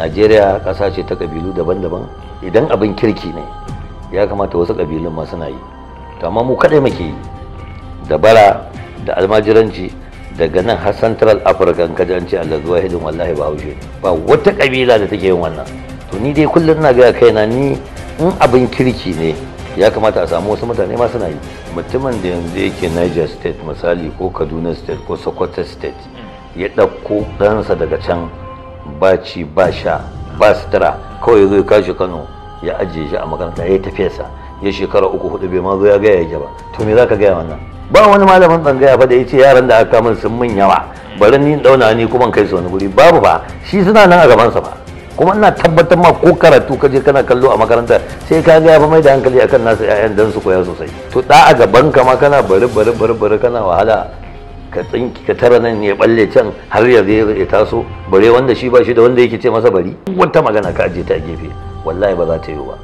najeriya ƙasa ce ta ƙabilu daban-daban idan abin kirki ne ya kamata wasu ƙabilun ma suna yi to amma mu kaɗai muke yi da bara da almajiranci daga nan har central africa ka ji an ce allah zuwa hidin wallahi ba haushe ba wata ƙabila da take yin wannan to ni dai kullum na gaya kaina ni in abin kirki ne ya kamata a samu wasu mutane ma suna yi mutumin da yanzu yake niger state misali ko kaduna state ko sokoto state ya ɗauko ɗansa daga can Baci ba sha ba sutura kawai zai kashi kano ya ajiye shi a makaranta ya yi tafiyarsa ya shekara uku hudu bai ma zo ya gaya ya ba to me za ka gaya wannan ba wani malamin tsangaya ba da ya yaran da aka min sun min yawa bari ni dauna ni kuma kai su wani guri babu ba shi suna nan a gabansa ba kuma ina tabbatar ma ko karatu ka je kana kallo a makaranta sai ka gaya ba mai da hankali akan nasu 'ya'yan dan su koya sosai to da a gaban ka ma kana bari bari bari bari kana wahala ka tsinki ka tara nan ya balle can har ya zai ya taso bare wanda shi ba shi da wanda yake ce masa bari wata magana ka aje ta gefe wallahi ba za ta yi ba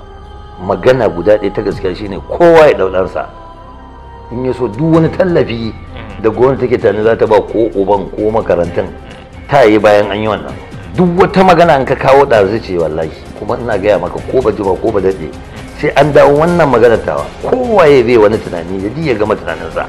magana guda ɗaya ta gaskiya shine kowa ya ɗauɗarsa in ya so duk wani tallafi da gwamnati take tani za ta ba ko uban ko makarantun ta yi bayan an yi wannan duk wata magana an ka kawo da ce wallahi kuma ina gaya maka ko ba jima ko ba daɗe sai an dawo wannan magana tawa ya zai wani tunani da ya gama tunaninsa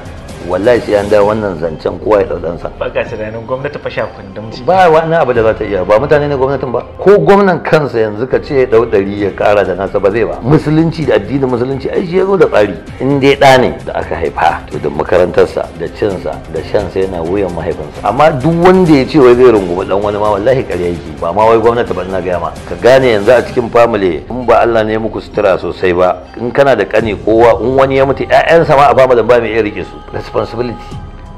wallahi sai an da wannan zancen kowa ya dan sa. Baka tunanin gwamnati fa sha kundumci Ba wani abu da za ta iya ba mutane ne gwamnatin ba. Ko gwamnan kansa yanzu ka ce dau ɗau ya kara da nasa ba zai ba. Musulunci da addinin musulunci ai shi ya zo da tsari. In dai da ne da aka haifa to da makarantarsa da cinsa da shan shansa yana wuyan mahaifinsa. Amma duk wanda ya ce wai zai rungumi dan wani ma wallahi ƙarya yake ba ma wai gwamnati ba ina gaya ma. Ka gane yanzu a cikin family in ba Allah ne muku sutura sosai ba in kana da kani kowa in wani ya mutu ƴaƴansa ma a family ba mai iya rike su. responsibility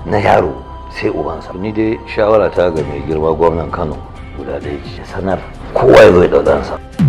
na yaro sai ubansa ni dai shawara ta ga mai girma gwamnan kano guda ɗaya ce sanar kowa ya zo ya sa.